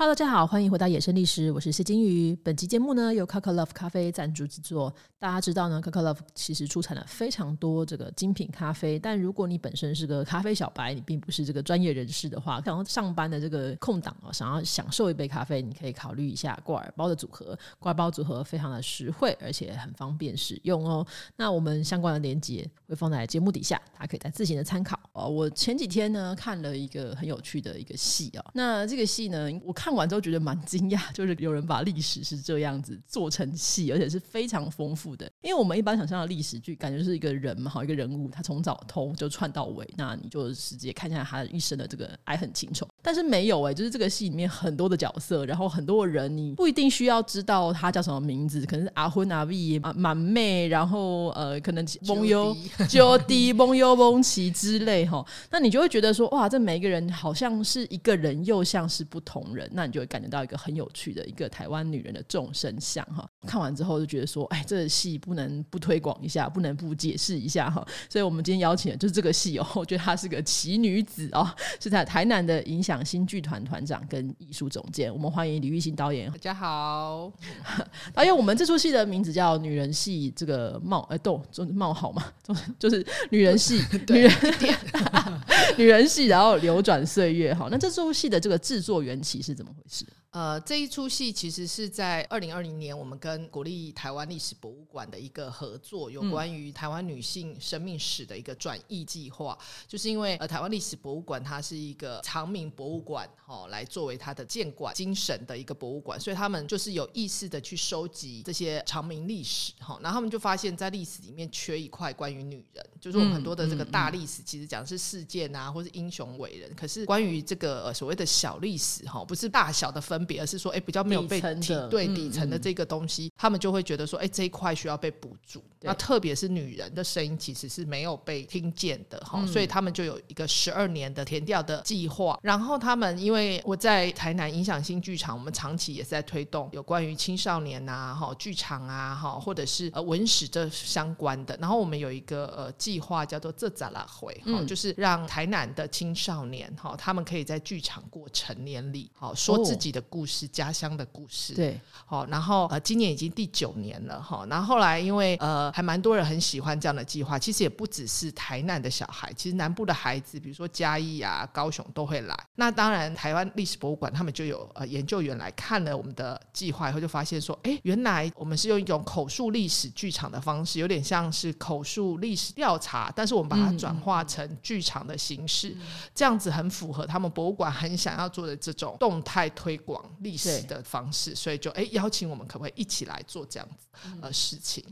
Hello，大家好，歡迎回到《野生歷史》，我是謝金魚。本期節目呢，由 Kakalove 咖啡贊助製作。大家知道呢，Kakalove 其實出產了非常多這個精品咖啡。但如果你本身是個咖啡小白，你並不是這個專業人士的話，想要上班的這個空檔哦，想要享受一杯咖啡，你可以考慮一下掛耳包的組合。掛耳包組合非常的實惠，而且很方便使用哦。那我們相關的鏈接會放在節目底下，大家可以再自行的參考哦。我前幾天呢看了一個很有趣的一個戲哦。那這個戲呢，我看，看完之後覺得蠻驚訝，就是有人把歷史是這樣子做成戲，而且是非常豐富的。因為我們一般想象的歷史劇，感覺是一個人嘛，一個人物，他從早通就串到尾，那你就直接看下他一生的這個愛恨情仇。但是沒有哎、欸，就是這個戲裡面很多的角色，然後很多人，你不一定需要知道他叫什麼名字，可能是阿昏阿 V 啊妹，然後呃可能蒙優、j 滴 d y 蒙優奇之類哈。那你就會覺得說，哇，這每一個人好像是一個人，又像是不同人。那你就會感覺到一個很有趣的一個台灣女人的眾生相哈。看完之後就覺得說，哎，這個、戲不能不推廣一下，不能不解釋一下哈。所以我們今天邀請的就是這個戲哦，我覺得她是個奇女子哦，是在台南的影響新劇團團長跟藝術總監。我們歡迎呂毅新導演，大家好。因為我們這出戲的名字叫《女人戲》，這個冒哎逗中冒號嘛，就是女人戲、 女人 女人戲，然後流轉歲月哈。那這出戲的這個製作緣起是？怎麼回事？呃，這一出戲其實是在二零二零年，我們跟國立台灣歷史博物館的一個合作，有關於台灣女性生命史的一個轉譯計劃。就是因為呃，台灣歷史博物館它是一個常民博物館，哈、哦，來作為它的建館精神的一個博物館，所以他們就是有意識的去收集這些常民歷史，哈、哦，然後他們就發現，在歷史裡面缺一塊關於女人，就是我們很多的這個大歷史，其實講的是事件啊，或是英雄偉人，可是關於這個、呃、所謂的小歷史，哈、哦，不是大小的分。而是說，哎、欸，比較沒有被提對底層的這個東西，嗯嗯，他們就會覺得說，哎、欸，這一塊需要被補足。那、啊、特別是女人的聲音其實是沒有被聽見的哈，嗯，所以他們就有一個十二年的田調的計劃。然後他們因為我在台南影響新劇場，我們長期也是在推動有關於青少年啊、哈，劇場啊、哈，或者是呃，文史這相關的。然後我們有一個呃，計劃叫做這咋啦回，哈、嗯、就是讓台南的青少年哈，他們可以在劇場過成年禮，好說自己的。哦故事，家鄉的故事，對，好，然後呃，今年已經第九年了哈。然後，後來，因為呃，還蠻多人很喜歡這樣的計劃。其實也不只是台南的小孩，其實南部的孩子，比如說嘉義啊、高雄都會來。那當然，台灣歷史博物館他們就有呃研究員來看了我們的計劃以後，就發現說，哎，原來我們是用一種口述歷史劇場的方式，有點像是口述歷史調查，但是我們把它轉化成劇場的形式，嗯。這樣子很符合他們博物館很想要做的這種動態推廣。歷史的方式，所以就誒邀請我們可不可以一起來做這樣子、嗯、呃事情？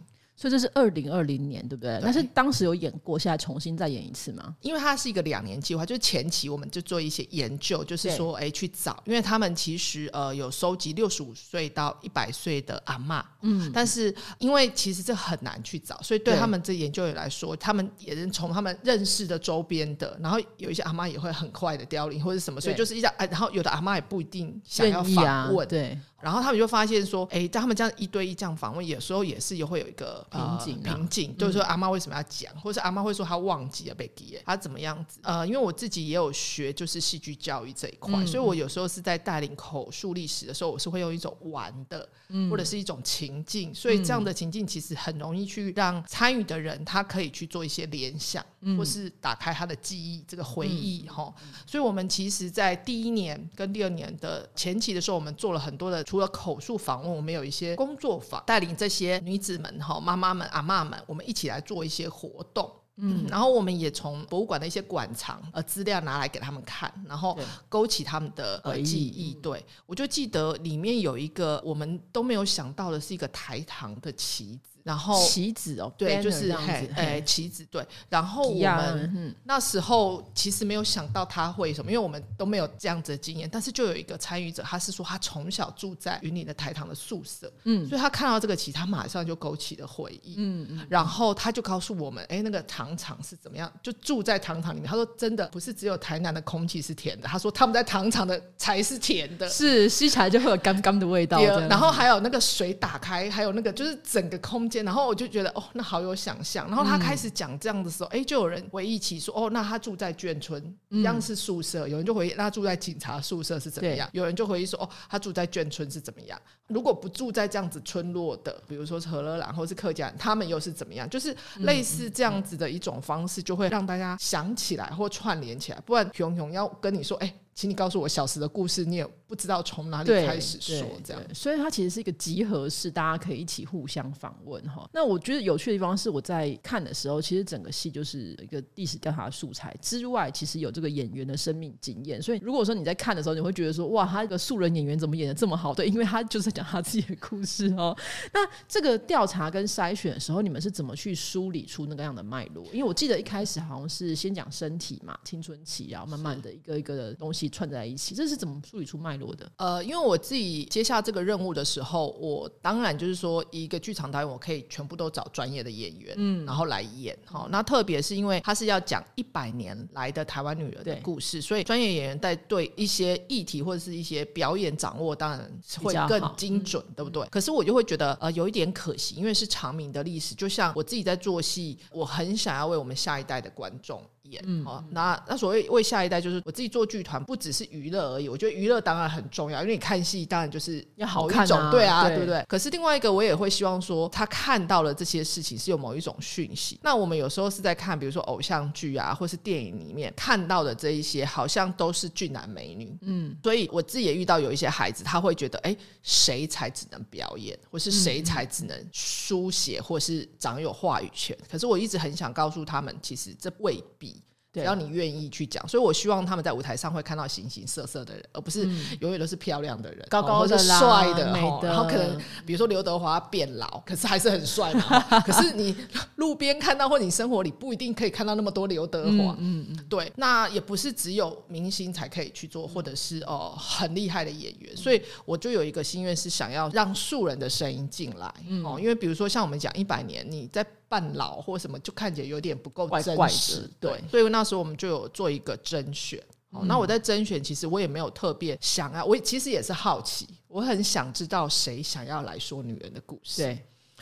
所以這是二零二零年，對不對？但是當時有演過，現在重新再演一次嘛？因為它是一個兩年計劃，就是前期我們就做一些研究，就是說，哎，去找，因為他們其實呃有收集六十五歲到一百歲的阿嬤，嗯，但是因為其實這很難去找，所以對他們這研究者來說，他們也是從他們認識的周邊的，然後有一些阿嬤也會很快的凋零或者是什麼，所以就是一下，哎，然後有的阿嬤也不一定想要訪問願意啊，對。然後他們就發現說：“哎，但他們這樣一對一這樣訪問，有時候也是也會有一個瓶、呃、頸，瓶頸、啊、就是說，阿媽為什麼要講，嗯、或是阿媽會說她忘記了 baby，她怎麼樣子？呃，因為我自己也有學，就是戲劇教育這一塊、嗯，所以我有時候是在帶領口述歷史的時候，我是會用一種玩的、嗯，或者是一種情境。所以這樣的情境其實很容易去讓參與的人，他可以去做一些聯想，嗯、或是打開他的記憶這個回憶吼、嗯。所以我們其實在第一年跟第二年的前期的時候，我們做了很多的。”除了口述訪問，我們有一些工作坊，帶領這些女子們、哈媽媽們、阿嬤們，我們一起來做一些活動。嗯，然後我們也從博物館的一些館藏呃資料拿來給他們看，然後勾起他們的呃記憶。對、對、對，我就記得裡面有一個我們都沒有想到的是一個台糖的棋子。然後棋子，哦，對，Banner、就是這樣子。哎、hey, hey,，棋子對。然後我們那時候其實沒有想到他會什麼，因為我們都沒有這樣子的經驗。但是就有一個參與者，他是說他從小住在雲林的台糖的宿舍，嗯，所以他看到這個棋，他馬上就勾起了回憶，嗯嗯。然後他就告訴我們，哎，那個糖廠是怎麼樣？就住在糖廠裡面，他說真的不是只有台南的空氣是甜的，他說他們在糖廠的才是甜的，是吸起來就會有甘甘的味道。然後還有那個水打開，還有那個就是整個空間。然後我就覺得哦，那好有想象。然後他開始講這樣的時候，哎、嗯，就有人回憶起說，哦，那他住在眷村，一樣是宿舍。有人就回憶，那住在警察宿舍是怎麼樣？有人就回憶說，哦，他住在眷村是怎麼樣？如果不住在這樣子村落的，比如說河洛人或是客家，他們又是怎麼樣？就是類似這樣子的一種方式，嗯嗯，就會讓大家想起來或串聯起來。不然，熊熊要跟你說，哎。請你告訴我小時的故事，你也不知道從哪裡開始說，這樣。所以它其實是一個集合式，大家可以一起互相訪問哈。那我覺得有趣的地方是，我在看的時候，其實整個戲就是一個歷史調查的素材之外，其實有這個演員的生命經驗。所以如果說你在看的時候，你會覺得說，哇，他這個素人演員怎麼演得這麼好？對，因為他就是在講他自己的故事哦。那這個調查跟篩選的時候，你們是怎麼去梳理出那個樣的脈絡？因為我記得一開始好像是先講身體嘛，青春期，然後慢慢的一個一個的東西。串在一起，這是怎麼梳理出脈絡的？呃，因為我自己接下這個任務的時候，我當然就是說，一個劇場導演，我可以全部都找專業的演員，嗯，然後來演好，那、嗯、特別是因為他是要講一百年來的台灣女人的故事，所以專業演員在對一些議題或者是一些表演掌握，當然會更精準、嗯，對不對？可是我就會覺得，呃，有一點可惜，因為是常民的歷史，就像我自己在做戲，我很想要為我們下一代的觀眾。嗯，好、哦，那那所謂為下一代，就是我自己做劇團，不只是娛樂而已。我覺得娛樂當然很重要，因為你看戲當然就是一種要好看啊，對啊，對，對不對？可是另外一個，我也會希望說，他看到了這些事情是有某一種訊息。那我們有時候是在看，比如說偶像劇啊，或是電影裡面看到的這一些，好像都是俊男美女。嗯，所以我自己也遇到有一些孩子，他會覺得，哎，誰才只能表演，或是誰才只能書寫，或是掌有話語權、嗯，可是我一直很想告訴他們，其實這未必。只要你願意去講，所以我希望他們在舞台上會看到形形色色的人，而不是永遠都是漂亮的人，嗯、高高的、帥的、美的。然後可能比如說劉德華變老，可是還是很帥嘛。 可是你路邊看到或你生活裡不一定可以看到那麼多劉德華、嗯。嗯，對。那也不是只有明星才可以去做，或者是哦很厲害的演員。所以我就有一個心願是想要讓素人的聲音進來哦、嗯，因為比如說像我們講一百年，你在扮老或什麼，就看起來有點不夠真實。怪怪的對，所以那。那時候我們就有做一個甄選，哦、嗯，那我在甄選，其實我也沒有特別想要，我其實也是好奇，我很想知道誰想要來說女人的故事，對，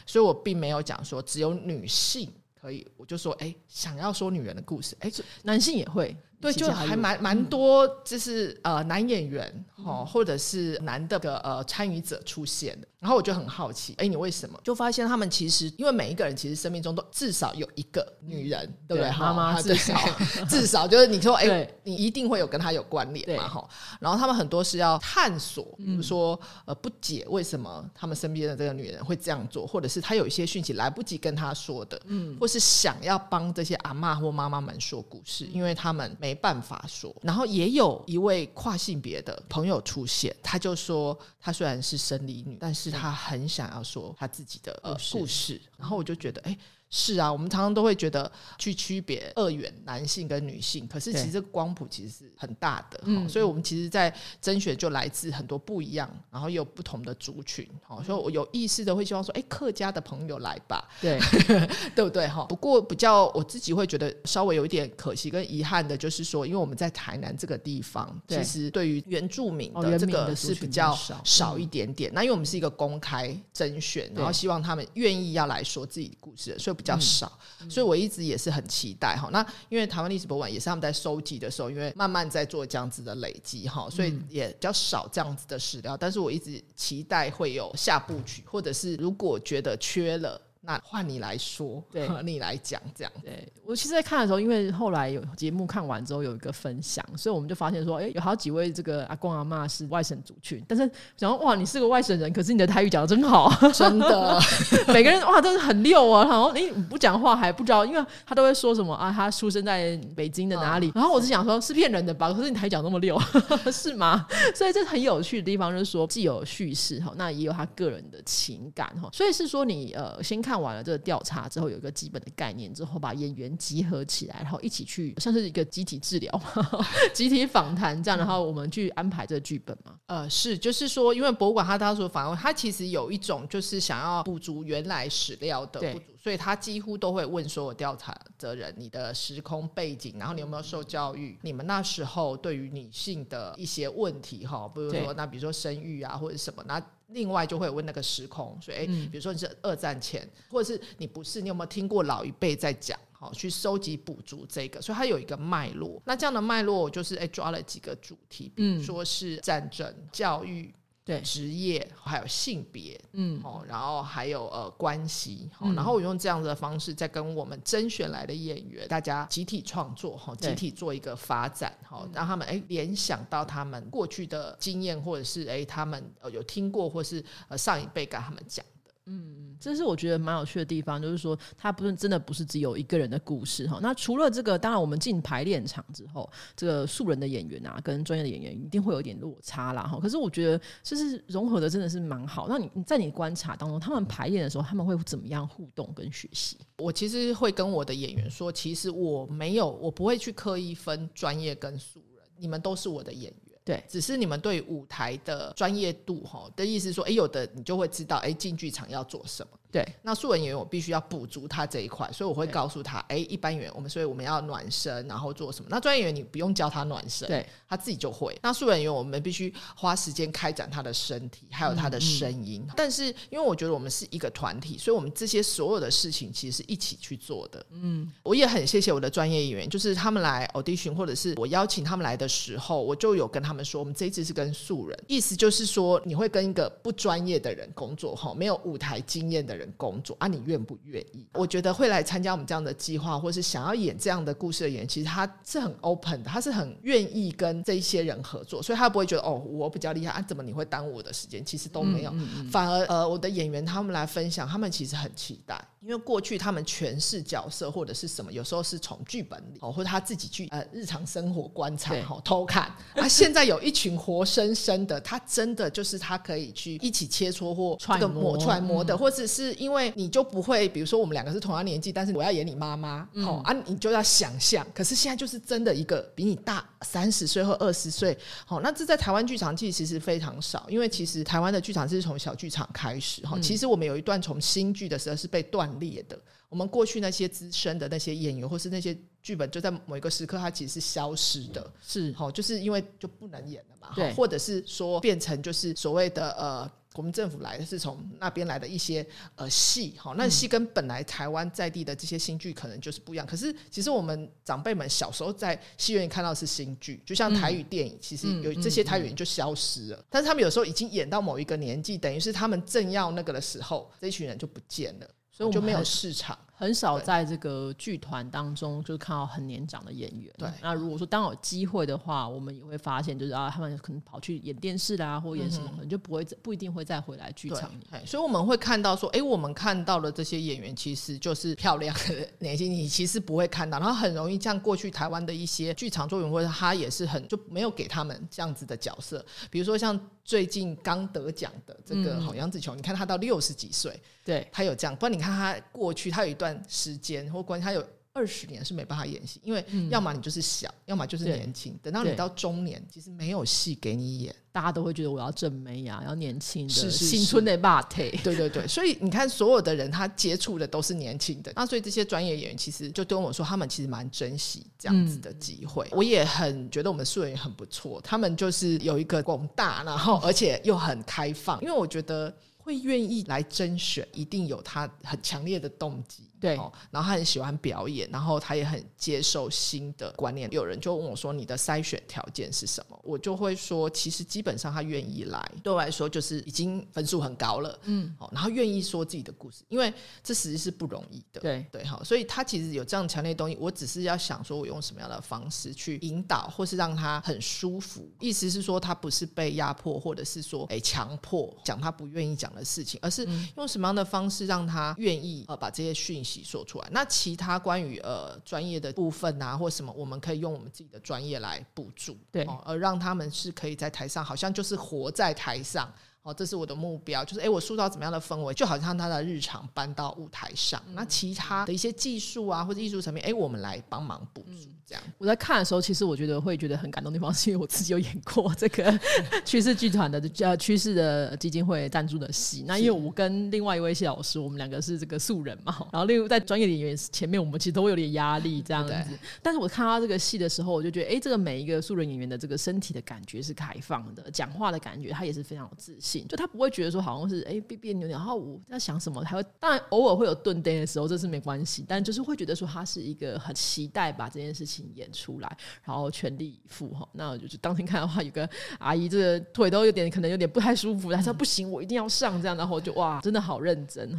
所以我並沒有講說只有女性可以，我就說，哎、欸，想要說女人的故事，哎、欸，男性也會，對，就還蠻蠻多，就是呃男演員哦、嗯，或者是男的個呃參與者出現的。然後我就很好奇，哎、欸，你為什麼就發現他們其實，因為每一個人其實生命中都至少有一個女人，嗯、對不對、哦？媽媽至少 至少就是你說，哎、欸，你一定會有跟他有關聯嘛，然後他們很多是要探索，嗯、比如說呃，不解為什麼他們身邊的這個女人會這樣做，或者是他有一些訊息來不及跟他說的，嗯，或是想要幫這些阿嬤或媽媽們說故事、嗯，因為他們沒辦法說。然後也有一位跨性別的朋友出現，他就說，他雖然是生理女，但是。他很想要說他自己的故事，然後我就覺得，哎、欸。是啊，我們常常都會覺得去區別二元男性跟女性，可是其實這個光譜其實是很大的，所以我們其實，在甄選就來自很多不一樣，然後也有不同的族群，好，所以我有意識的會希望說，哎、欸，客家的朋友來吧，對， 對不對哈？不過比較我自己會覺得稍微有一點可惜跟遺憾的，就是說，因為我們在台南這個地方，其實對於原住民的這個是比較少一點點，那因為我們是一個公開甄選，然後希望他們願意要來說自己的故事，所以。比較少，嗯嗯，所以我一直也是很期待哈。那因為台灣歷史博物館也是他們在收集的時候，因為慢慢在做這樣子的累積哈，所以也比較少這樣子的史料。但是我一直期待會有下部曲，嗯，或者是如果覺得缺了。那換你來說，對，你來講，這樣對，我其實在看的時候，因為後來有節目看完之後有一個分享，所以我們就發現說，哎、欸，有好幾位這個阿公阿嬤是外省族群，但是然後哇，你是個外省人，可是你的台語講的真好，真的， 每個人哇，真的很溜啊。然後哎，你不講話還不知道，因為他都會說什麼啊，他出生在北京的哪裡。嗯、然後我就想說，是騙人的吧？可是你台語講那麼溜， 是嗎？所以這很有趣的地方就是說，既有敘事哈，那也有他個人的情感哈。所以是說你呃，先看。看完了這個調查之後，有一個基本的概念之後，把演員集合起來，然後一起去像是一個集體治療、 集體訪談這樣，然後我們去安排這個劇本嘛？呃，是，就是說，因為博物館他當時訪問，他其實有一種就是想要補足原來史料的不足，所以他幾乎都會問所有調查的人，你的時空背景，然後你有沒有受教育？你們那時候對於女性的一些問題，哈，比如說那比如說生育啊，或者什麼那。另外就會問那個時空，所以、欸、比如說你是二戰前，或者是你不是，你有沒有聽過老一輩在講？去收集補足這個，所以它有一個脈絡。那這樣的脈絡，我就是哎、欸、抓了幾個主題，比如說是戰爭、教育。對職業還有性別，嗯，哦，然後還有呃關係，哦、嗯，然後我用這樣的方式在跟我們甄選來的演員、嗯，大家集體創作，集體做一個發展，嗯、讓他們誒、欸、聯想到他們過去的經驗，或者是誒、欸、他們、呃、有聽過，或是呃上一輩跟他們講。嗯嗯，這是我覺得蠻有趣的地方，就是說他不是真的，不是只有一個人的故事哈。那除了這個，當然我們進排練場之後，這個素人的演員啊，跟專業的演員一定會有點落差啦哈。可是我覺得就是融合的真的是蠻好。那你你在你觀察當中，他們排練的時候他們會怎麼樣互動跟學習？我其實會跟我的演員說，其實我沒有，我不會去刻意分專業跟素人，你們都是我的演員。對，只是你們對舞台的專業度齁的意思說，誒，有的你就會知道，誒，進劇場要做什麼。對，那素人演員我必須要補足他這一塊，所以我會告訴他，哎、欸，一般演員我們所以我們要暖身，然後做什麼？那專業演員你不用教他暖身，對，他自己就會。那素人演員我們必須花時間開展他的身體，還有他的聲音，嗯嗯。但是因為我覺得我們是一個團體，所以我們這些所有的事情其實是一起去做的。嗯，我也很謝謝我的專業演員，就是他們來 audition，或者是我邀請他們來的時候，我就有跟他們說，我們這一次是跟素人，意思就是說你會跟一個不專業的人工作，哈，沒有舞台經驗的人。工作啊，你願不願意？我覺得會來參加我們這樣的計劃，或是想要演這樣的故事的演員，其實他是很 open 的，他是很願意跟這一些人合作，所以他不會覺得哦，我比較厲害啊，怎麼你會耽誤我的時間？其實都沒有，嗯嗯反而呃，我的演員他們來分享，他們其實很期待，因為過去他們詮釋角色或者是什麼，有時候是從劇本裡哦，或者他自己去呃日常生活觀察偷看 啊，現在有一群活生生的，他真的就是他可以去一起切磋或這個揣摩揣摩的，嗯、或者是。是因為你就不會，比如說我們兩個是同樣年紀，但是我要演你媽媽，嗯哦、啊，你就要想象。可是現在就是真的一個比你大三十歲或二十歲，好、哦，那這在台灣劇場其實是非常少，因為其實台灣的劇場是從小劇場開始，哦、其實我們有一段從新劇的時候是被斷裂的，嗯、我們過去那些資深的那些演員或是那些劇本，就在某一個時刻它其實是消失的，是好、哦，就是因為就不能演了嘛，好或者是說變成就是所謂的呃。國民政府來的是從那邊來的一些呃戲哈，那戲跟本來台灣在地的這些新劇可能就是不一樣。可是其實我們長輩們小時候在戲院看到是新劇，就像台語電影，嗯、其實有這些台語人就消失了、嗯嗯嗯。但是他們有時候已經演到某一個年紀，等於是他們正要那個的時候，這群人就不見了，所以我們就沒有市場。很少在這個劇團當中就看到很年長的演員。對，那如果說當有機會的話，我們也會發現，就是啊，他們可能跑去演電視啦，或演什麼，能、嗯、就不會不一定會再回來劇場。所以我們會看到說，哎、欸，我們看到的這些演員其實就是漂亮的年。哪些你其實不會看到。然後很容易像過去台灣的一些劇場作品，或者他也是很就沒有給他們這樣子的角色。比如說像最近剛得獎的這個好楊、嗯、紫瓊，你看他到六十幾歲，對他有這樣。不然你看他過去，他有一段。時間或關係，他有二十年是沒辦法演戲，因為要麼你就是小，嗯、要麼就是年輕。等到你到中年，其實沒有戲給你演，大家都會覺得我要正妹呀、啊，要年輕的是是是青春的 body 對對對，所以你看，所有的人他接觸的都是年輕的。 那所以這些專業演員其實就跟我說，他們其實蠻珍惜這樣子的機會、嗯。我也很覺得我們素人也很不錯，他們就是有一個廣大，然後而且又很開放， 因為我覺得會願意來甄選，一定有他很強烈的動機。對，然後他很喜歡表演，然後他也很接受新的觀念。有人就問我說：“你的篩選條件是什麼？”我就會說：“其實基本上他願意來，對我來說就是已經分數很高了，嗯，然後願意說自己的故事，因為這其實是不容易的，對對，哈。所以他其實有這樣強烈的東西，我只是要想說我用什麼樣的方式去引導，或是讓他很舒服，意思是說他不是被壓迫，或者是說哎強迫講他不願意講的事情，而是用什麼樣的方式讓他願意呃把這些訊息。”說出來，那其他關於呃專業的部分吶、啊，或什麼，我們可以用我們自己的專業來補助，對、哦，而讓他們是可以在台上，好像就是活在台上。哦，這是我的目標，就是哎、欸，我塑造怎麼樣的氛圍，就好像他的日常搬到舞台上。嗯、那其他的一些技術啊，或者藝術層面，哎、欸，我們來幫忙補助，嗯、這樣。我在看的時候，其實我覺得會覺得很感動的地方，是因為我自己有演過這個趨勢劇團的呃趨勢的基金會贊助的戲。那因為我跟另外一位謝老師，我們兩個是這個素人嘛，然後另外在專業演員前面，我們其實都會有點壓力這樣子。但是我看他這個戲的時候，我就覺得哎、欸，這個每一個素人演員的這個身體的感覺是開放的，講話的感覺他也是非常有自信。就他不會覺得說好像是哎憋憋扭扭，然後，我在想什麼，他會當然偶爾會有頓蹬的時候，這是沒關係，但就是會覺得說他是一個很期待把這件事情演出來，然後全力以赴哈。那我就是當天看的話，有個阿姨這個腿都有點可能有點不太舒服，她說不行，我一定要上這樣，然後就哇，真的好認真。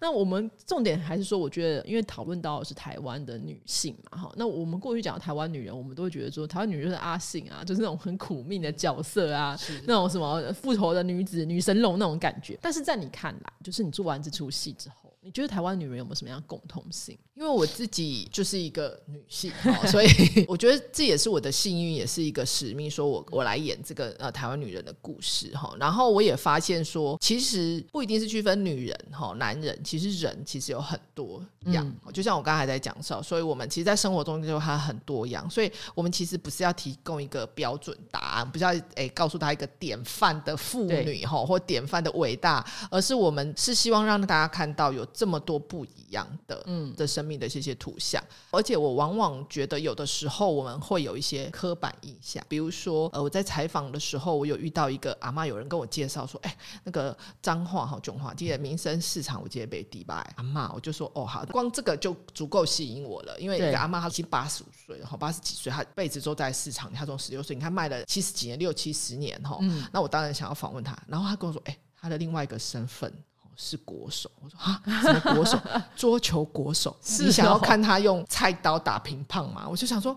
那我們重點還是說，我覺得因為討論到的是台灣的女性嘛哈，那我們過去講台灣女人，我們都會覺得說台灣女人就是阿信啊，就是那種很苦命的角色啊，那種什麼復仇的女子。女神龍那種感覺，但是在你看來，就是你做完這齣戲之後，你覺得台灣女人有沒有什麼樣的共同性？因為我自己就是一個女性，所以我覺得這也是我的幸運，也是一個使命。說我我來演這個呃台灣女人的故事哈。然後我也發現說，其實不一定是區分女人哈，男人其實人其實有很多樣。嗯、就像我剛才在講說，所以我們其實，在生活中就有很多樣。所以我們其實不是要提供一個標準答案，不是要誒、欸、告訴他一個典範的婦女哈，或典範的偉大，而是我們是希望讓大家看到有這麼多不一樣的嗯的生。密的這些，些圖像，而且我往往覺得有的時候我們會有一些刻板印象，比如說，呃，我在採訪的時候，我有遇到一個阿嬤，有人跟我介紹說，哎、欸，那個髒話哈、中華今天民生市場，我今天被迪拜阿嬤、嗯，我就說，哦，好，光這個就足夠吸引我了，因為一個阿嬤她已經八十五歲了，哈，八十幾歲，她輩子都在市場，她從十六歲，你看賣了七十幾年，六七十年，哈、嗯，那我當然想要訪問她，然後她跟我說，哎、欸，她的另外一個身份。是國手，我說啊，什麼國手？ 桌球國手是、哦？你想要看他用菜刀打乒乓嗎？我就想說，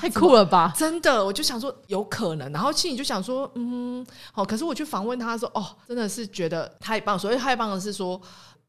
太酷了吧！真的，我就想說有可能。然後心裡就想說，嗯，好、哦。可是我去訪問他說，哦，真的是覺得太棒。所以太棒的是說，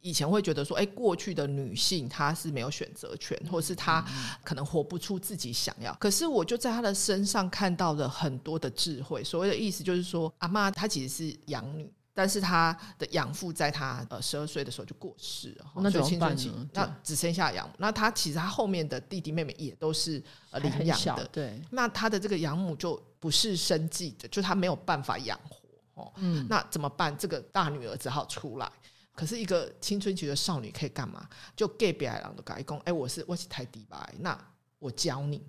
以前會覺得說，哎、欸，過去的女性她是沒有選擇權，或是她可能活不出自己想要、嗯。可是我就在她的身上看到了很多的智慧。所謂的意思就是說，阿媽她其實是養女。但是他的養父在他呃十二歲的時候就過世了，那就青春期，那只剩下養母。那他其實他後面的弟弟妹妹也都是呃領養的，對。那他的這個養母就不是生計的，就他沒有辦法養活哦。那怎麼辦？這個大女兒只好出來。可是一個青春期的少女可以幹嘛？就給別人打工。哎，我是我是台底白，那我教你。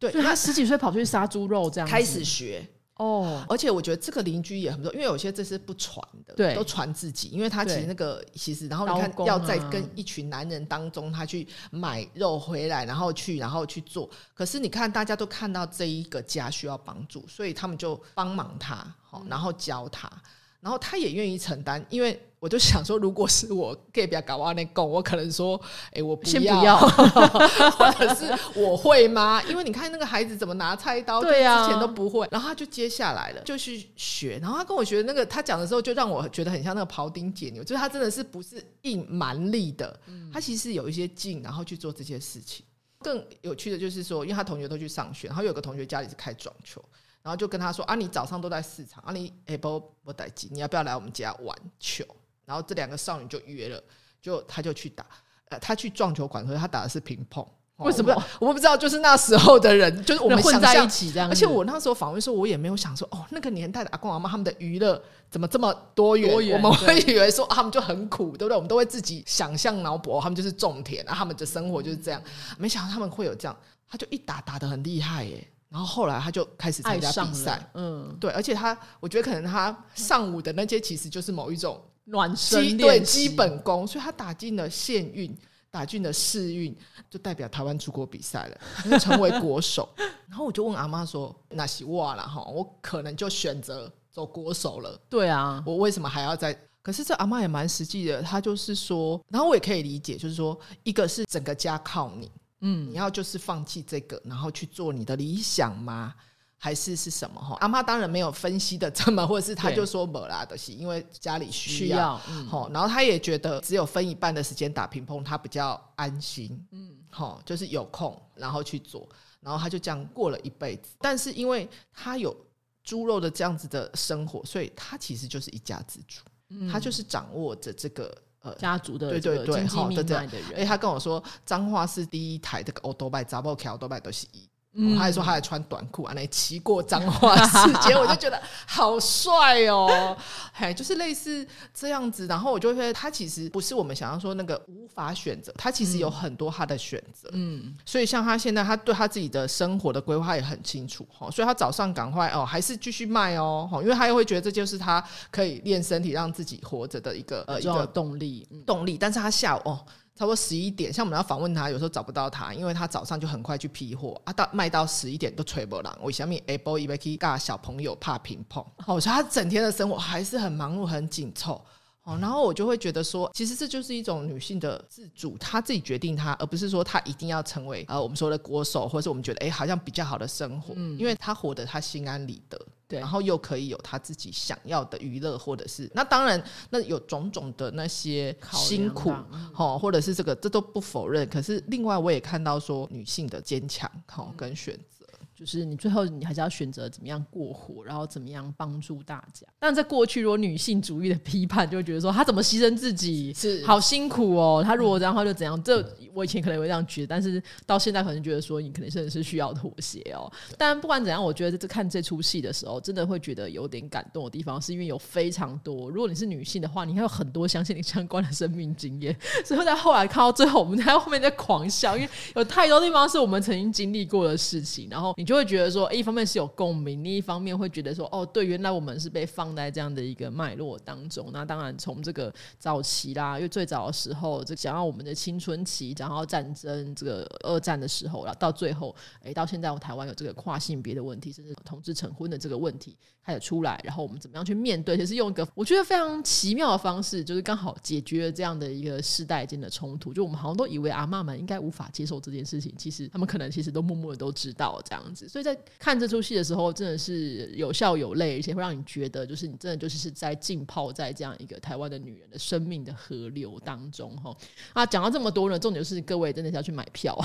對，就他十幾歲跑出去殺豬肉這樣子。開始學。哦，而且我覺得這個鄰居也很多，因為有些這是不傳的，對，都傳自己，因為他其實那個其實，然後你看要在跟一群男人當中，他去買肉回來，嗯、然後去然後去做，可是你看大家都看到這一個家需要幫助，所以他們就幫忙他，然後教他。嗯然後他也願意承擔，因為我就想說，如果是我給別人搞工，我可能說，哎，我不要，先不要，可 是我會嗎？因為你看那個孩子怎麼拿菜刀，對呀、啊，之前都不會，然後他就接下來了，就去學。然後他跟我學的那個，他講的時候就讓我覺得很像那個庖丁解牛，就是他真的是不是硬蠻力的，他其實有一些勁，然後去做這些事情、嗯。更有趣的就是說，因為他同學都去上學，然後有個同學家裡是開撞球，然後就跟他說啊，你早上都在市場啊你，你哎不不待急，你要不要來我們家玩球？然後這兩個少女就約了，就他就去打，呃、他去撞球館的時候，他打的是乒乓、哦，為什麼我不，我不知道？就是那時候的人，就是我們想混在一起這樣。而且我那時候訪問說，我也沒有想說哦，那個年代的阿公阿嬤他們的娛樂怎麼這麼多元，多元？我們會以為說、啊、他們就很苦，對不對？我們都會自己想象腦補他們就是種田然後，他們的生活就是這樣。沒想到他們會有這樣，他就一打打得很厲害耶、欸。然後後來他就開始參加比賽，嗯，對，而且他，我覺得可能他上午的那些其實就是某一種暖身，對基本功，所以他打進了縣運，打進了市運，就代表台灣出國比賽了，就成為國手。 然後我就問阿媽說：“那是我了哈，我可能就選擇走國手了。”對啊，我為什麼還要在？可是這阿媽也蠻實際的，她就是說，然後我也可以理解，就是說，一個是整個家靠你。嗯，你要就是放棄這個，然後去做你的理想嗎？還是是什麼？哈，阿媽當然沒有分析的這麼，或是她就說不啦的東西，因為家裡需要，哈、嗯。然後他也覺得只有分一半的時間打乒乓，他比較安心。嗯，好，就是有空，然後去做，然後他就這樣過了一輩子。但是因為他有豬肉的這樣子的生活，所以他其實就是一家之主，嗯，他就是掌握着這個。呃，家族的這個經濟命脈的人對對對，誒、哦欸，他跟我說，彰化是第一台這個的，歐多拜步橋多百都是一。哦、他還說他還穿短褲啊，那騎過彰化，市 界我就覺得好帥哦 嘿，就是類似這樣子，然後我就覺得他其實不是我們想要說那個無法選擇，他其實有很多他的選擇，嗯，所以像他現在他對他自己的生活的規劃也很清楚，所以他早上趕快哦還是繼續賣哦，因為他又會覺得這就是他可以練身體讓自己活着的一個呃一個動力，嗯、動力，但是他下午哦。差不多十一點，像我們要訪問他，有時候找不到他，因為他早上就很快去批貨啊到，到賣到十一點都吹不了。我想面 a b p l e v a c 噶小朋友怕平碰，我覺得他整天的生活還是很忙碌、很緊湊。哦，然後我就會覺得說，其實這就是一種女性的自主，她自己決定她，而不是說她一定要成為呃我們說的國手，或者是我們覺得哎、欸、好像比較好的生活、嗯，因為她活得她心安理得，對，然後又可以有她自己想要的娛樂，或者是那當然那有種種的那些辛苦，哈、嗯哦，或者是這個這都不否認，可是另外我也看到說女性的堅強，好、哦、跟選擇。嗯就是你最後你還是要選擇怎麼樣過活，然後怎麼樣幫助大家。但是在過去，如果女性主義的批判就會覺得說她怎麼犧牲自己，是好辛苦哦、喔。她如果這樣，她就怎樣？這我以前可能會這樣覺得，但是到現在可能覺得說你可能真的是需要妥協哦、喔。但不管怎樣，我覺得這看這出戲的時候，真的會覺得有點感動的地方，是因為有非常多，如果你是女性的話，你還有很多相信你相關的生命經驗。所以在後來看到最後，我們在後面在狂笑，因為有太多地方是我們曾經經歷過的事情，然後你。你就會覺得說，一方面是有共鳴，另一方面會覺得說，哦，對，原來我們是被放在這樣的一個脈絡當中。那當然，從這個早期啦，因為最早的時候，這講到我們的青春期，講到戰爭，這個二戰的時候，到最後，誒、欸，到現在，我台灣有這個跨性別的問題，甚至同志成婚的這個問題。開始出來，然後我們怎麼樣去面對？就是用一個我覺得非常奇妙的方式，就是剛好解決了這樣的一個世代間的衝突。就我們好像都以為阿嬤們應該無法接受這件事情，其實他們可能其實都默默的都知道這樣子。所以在看這出戲的時候，真的是有笑有淚，而且會讓你覺得，就是你真的就是在浸泡在這樣一個台灣的女人的生命的河流當中。哈啊，講到這麼多呢，重點就是各位真的是要去買票，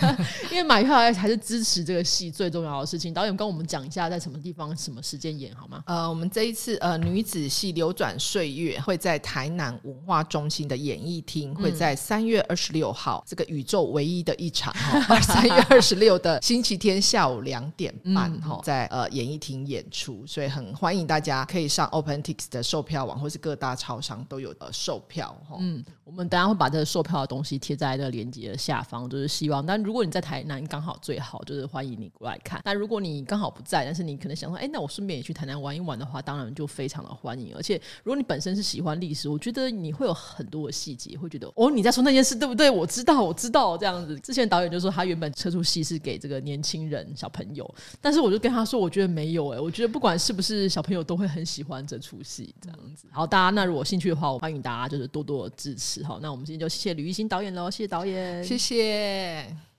因為買票還是支持這個戲最重要的事情。導演跟我們講一下在什麼地方、什麼時間演。好嗎？呃，我們這一次呃，女子戲流轉歲月會在台南文化中心的演藝廳，嗯，會在三月二十六號，這個宇宙唯一的一場哈，三、 哦、月二十六的星期天下午兩點半哈，嗯，在呃演藝廳演出，所以很歡迎大家可以上 OpenTix 的售票網，或是各大超商都有呃售票，哦、嗯，我們等下會把這個售票的東西貼在那個鏈接的下方，就是希望。但如果你在台南剛好最好，就是歡迎你過來看。但如果你剛好不在，但是你可能想說，哎，欸，那我順便也去台。很難玩一玩的話，當然就非常的歡迎。而且如果你本身是喜歡歷史，我覺得你會有很多的細節，會覺得哦，你在說那件事對不對？我知道，我知道這樣子。之前導演就說他原本這出戲是給這個年輕人小朋友，但是我就跟他說，我覺得沒有哎、欸，我覺得不管是不是小朋友，都會很喜歡這出戲這樣子。好，大家那如果興趣的話，我歡迎大家就是多多的支持哈。好，那我們今天就謝謝呂毅新導演嘍，謝謝導演，謝謝。